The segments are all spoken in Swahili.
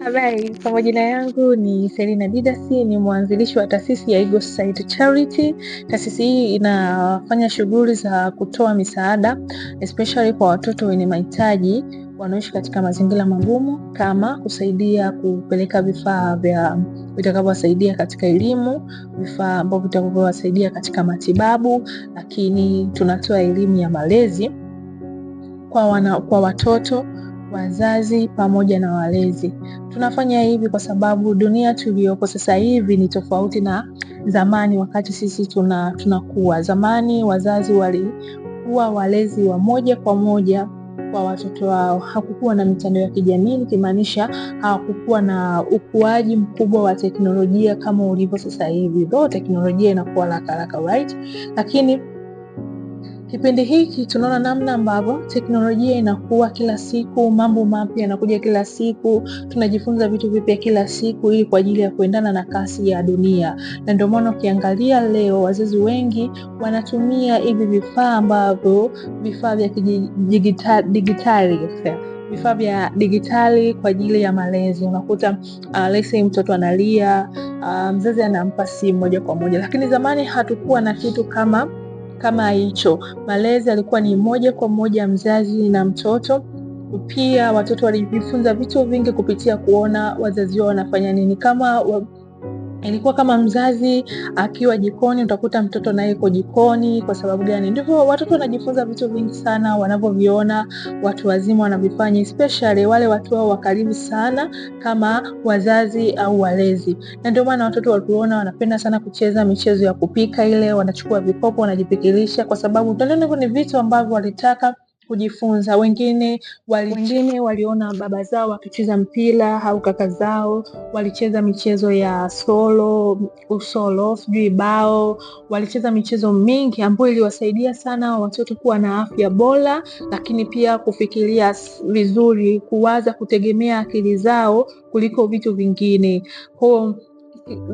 Habari, kwa majina yangu ni Selina Didasi, ni mwanzilishi wa taasisi ya Eagle Society Charity. Taasisi hii inafanya shughuli za kutoa misaada especially kwa watoto wenye mahitaji wanaoishi katika mazingira magumu, kama kusaidia kupeleka vifaa vya vitakavyowasaidia katika elimu, vifaa ambavyo vitakavyowasaidia katika matibabu, lakini tunatoa elimu ya malezi kwa, wana, kwa watoto wazazi pamoja na walezi. Tunafanya hivi kwa sababu dunia tuliyopo sasa hivi ni tofauti na zamani, wakati sisi tuna tunakuwa. Zamani wazazi walikuwa walezi wa moja kwa moja kwa watoto wao. Hakukuwa na mitandao ya kijamii, ikimaanisha hakukuwa na ukuaji mkubwa wa teknolojia kama ulivyo sasa hivi, though teknolojia inakuwa haraka right? Lakini Kipindi hiki tunaona namna ambavyo teknolojia inakuwa kila siku, mambo mapya yanakuja kila siku, tunajifunza vitu vipya kila siku, ili kwa ajili ya kuendana na kasi ya dunia. Na ndio maana ukiangalia leo wazazi wengi wanatumia hivi vifaa ambavyo vifaa vya kidijitali vifaa vya digitali kwa ajili ya malezi. Unakuta uh, ah, lese mtoto analia, uh, mzazi anampa simu moja kwa moja, lakini zamani hatukuwa na kitu kama kama hicho. Malezi alikuwa ni moja kwa moja mzazi na mtoto. Pia watoto walijifunza vitu vingi kupitia kuona wazazi wao wanafanya nini. Kama Ilikuwa kama mzazi akiwa jikoni, utakuta mtoto naye ko jikoni. Kwa sababu gani? Ndivyo watoto wanajifunza vitu vingi sana wanavyoviona watu wazima wanavifanya, especially wale watu wao wakaribu sana kama wazazi au walezi. Na ndio maana watoto walikuona wanapenda sana kucheza michezo ya kupika ile, wanachukua vikopo wanajipikilisha, kwa sababu ni vitu ambavyo walitaka kujifunza. Wengine wengine waliona baba zao wakicheza mpira au kaka zao walicheza michezo ya solo, usolo, sijui bao, walicheza michezo mingi ambayo iliwasaidia sana watoto kuwa na afya bora, lakini pia kufikiria vizuri, kuwaza kutegemea akili zao kuliko vitu vingine. kwao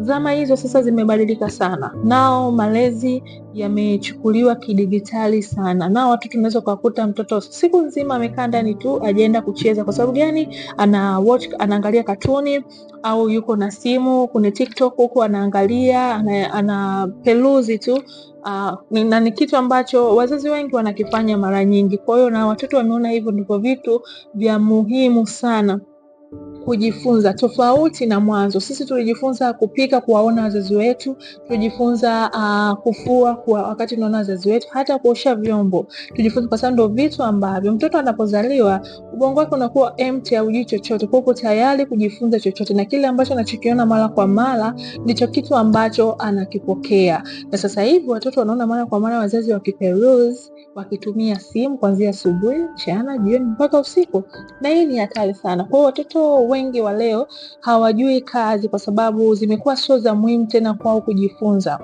zama hizo sasa zimebadilika sana, nao malezi yamechukuliwa kidigitali sana, nao watoto unaweza ukakuta mtoto siku nzima amekaa ndani tu, ajaenda kucheza. Kwa sababu gani? Ana watch, anaangalia katuni au yuko na simu kwenye TikTok huku anaangalia, ana ana tu Uh, na ni kitu ambacho wazazi wengi wanakifanya mara nyingi. Kwa hiyo na watoto wameona hivyo ndivyo vitu vya muhimu sana kujifunza tofauti na mwanzo. Sisi tulijifunza kupika kuwaona wazazi wetu, tulijifunza uh, kufua kwa wakati tunaona wazazi wetu, hata kuosha vyombo tulijifunza, kwa sababu ndio vitu ambavyo mtoto anapozaliwa ubongo wake unakuwa empty, haujui chochote, kwa hiyo tayari kujifunza chochote, na kile ambacho anachokiona mara kwa mara ndicho kitu ambacho anakipokea. Na sasa hivi watoto wanaona mara kwa mara wazazi wakiperuse wakitumia simu kuanzia asubuhi, mchana, jioni mpaka usiku, na hii ni hatari sana. Kwa hiyo watoto wengi wa leo hawajui kazi kwa sababu zimekuwa sio za muhimu tena kwao kujifunza.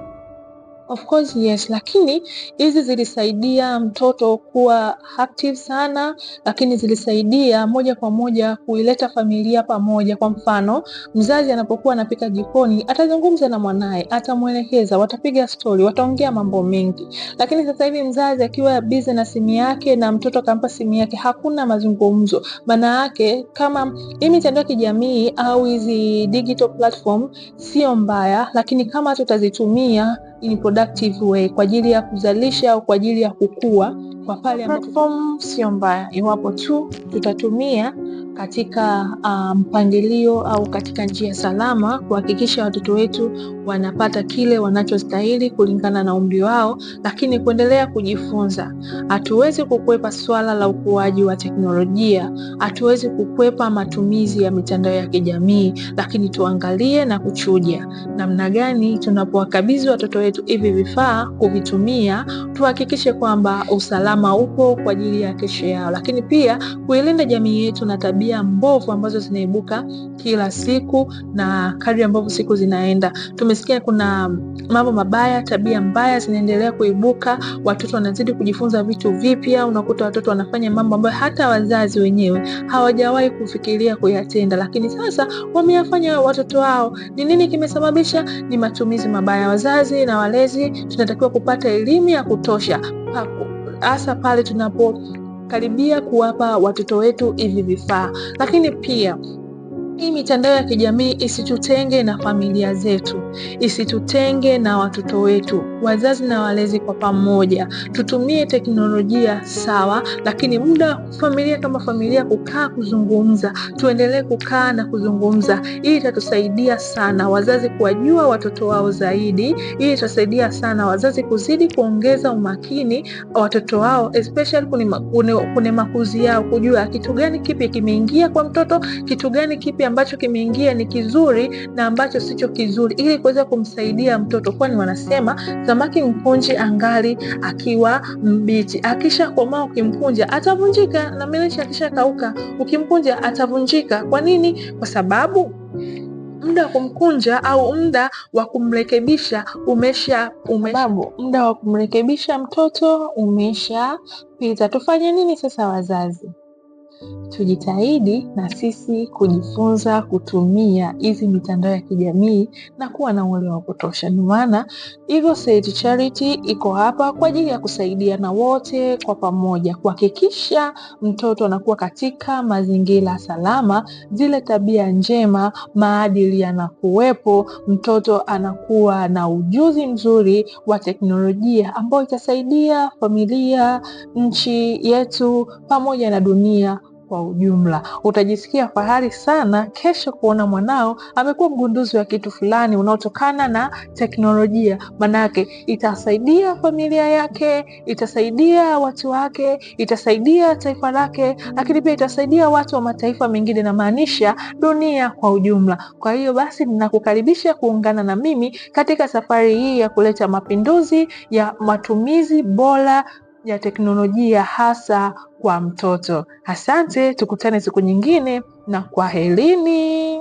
Of course yes, lakini hizi zilisaidia mtoto kuwa active sana, lakini zilisaidia moja kwa moja kuileta familia pamoja. Kwa mfano, mzazi anapokuwa anapika jikoni, atazungumza na mwanaye, atamwelekeza, watapiga stori, wataongea mambo mengi. Lakini sasa hivi mzazi akiwa busy na simu yake na mtoto kampa simu yake, hakuna mazungumzo. Maana yake kama hii mitandao ya kijamii au hizi digital platform sio mbaya, lakini kama tutazitumia in productive way, kwa ajili ya kuzalisha au kwa ajili ya kukua kwa pale platform sio mbaya, iwapo tu tutatumia katika ah, mpangilio um, au katika njia salama kuhakikisha watoto wetu wanapata kile wanachostahili kulingana na umri wao, lakini kuendelea kujifunza. Hatuwezi kukwepa swala la ukuaji wa teknolojia, hatuwezi kukwepa matumizi ya mitandao ya kijamii, lakini tuangalie na kuchuja namna gani tunapowakabidhi watoto wetu hivi vifaa kuvitumia, tuhakikishe kwamba usalama kama upo kwa ajili ya kesho yao, lakini pia kuilinda jamii yetu na tabia mbovu ambazo zinaibuka kila siku na kadri ambavyo siku zinaenda. Tumesikia kuna mambo mabaya, tabia mbaya zinaendelea kuibuka, watoto wanazidi kujifunza vitu vipya, unakuta watoto wanafanya mambo ambayo hata wazazi wenyewe hawajawahi kufikiria kuyatenda, lakini sasa wameyafanya watoto wao. Ni nini kimesababisha? Ni matumizi mabaya. Wazazi na walezi tunatakiwa kupata elimu ya kutosha Paku hasa pale tunapokaribia kuwapa watoto wetu hivi vifaa, lakini pia hii mitandao ya kijamii isitutenge na familia zetu, isitutenge na watoto wetu, wazazi na walezi kwa pamoja. Tutumie teknolojia sawa, lakini muda familia kama familia kukaa kuzungumza, tuendelee kukaa na kuzungumza. Hii itatusaidia sana wazazi kuwajua watoto wao zaidi. Hii itasaidia sana wazazi kuzidi kuongeza umakini watoto wao, especially kwenye makuzi yao, kujua kitu gani kipya kimeingia kwa mtoto, kitu gani kipya ambacho kimeingia ni kizuri na ambacho sicho kizuri, ili kuweza kumsaidia mtoto, kwani wanasema samaki mkunje angali akiwa mbichi, akishakomaa ukimkunja atavunjika, na akisha kauka ukimkunja atavunjika. Kwa nini? Kwa sababu muda wa kumkunja au muda wa kumrekebisha umesha, umesha. muda wa kumrekebisha mtoto umeshapita. Tufanye nini sasa wazazi? tujitahidi na sisi kujifunza kutumia hizi mitandao ya kijamii na kuwa na uelewa wa kutosha. Ndio maana Eagle Charity iko hapa kwa ajili ya kusaidia na wote kwa pamoja kuhakikisha mtoto anakuwa katika mazingira salama, zile tabia njema, maadili yanakuwepo, mtoto anakuwa na ujuzi mzuri wa teknolojia ambayo itasaidia familia, nchi yetu pamoja na dunia kwa ujumla. Utajisikia fahari sana kesho kuona mwanao amekuwa mgunduzi wa kitu fulani unaotokana na teknolojia, manake itasaidia familia yake, itasaidia watu wake, itasaidia taifa lake, lakini pia itasaidia watu wa mataifa mengine, namaanisha dunia kwa ujumla. Kwa hiyo basi, ninakukaribisha kuungana na mimi katika safari hii ya kuleta mapinduzi ya matumizi bora ya teknolojia hasa kwa mtoto. Asante, tukutane siku nyingine, na kwaherini.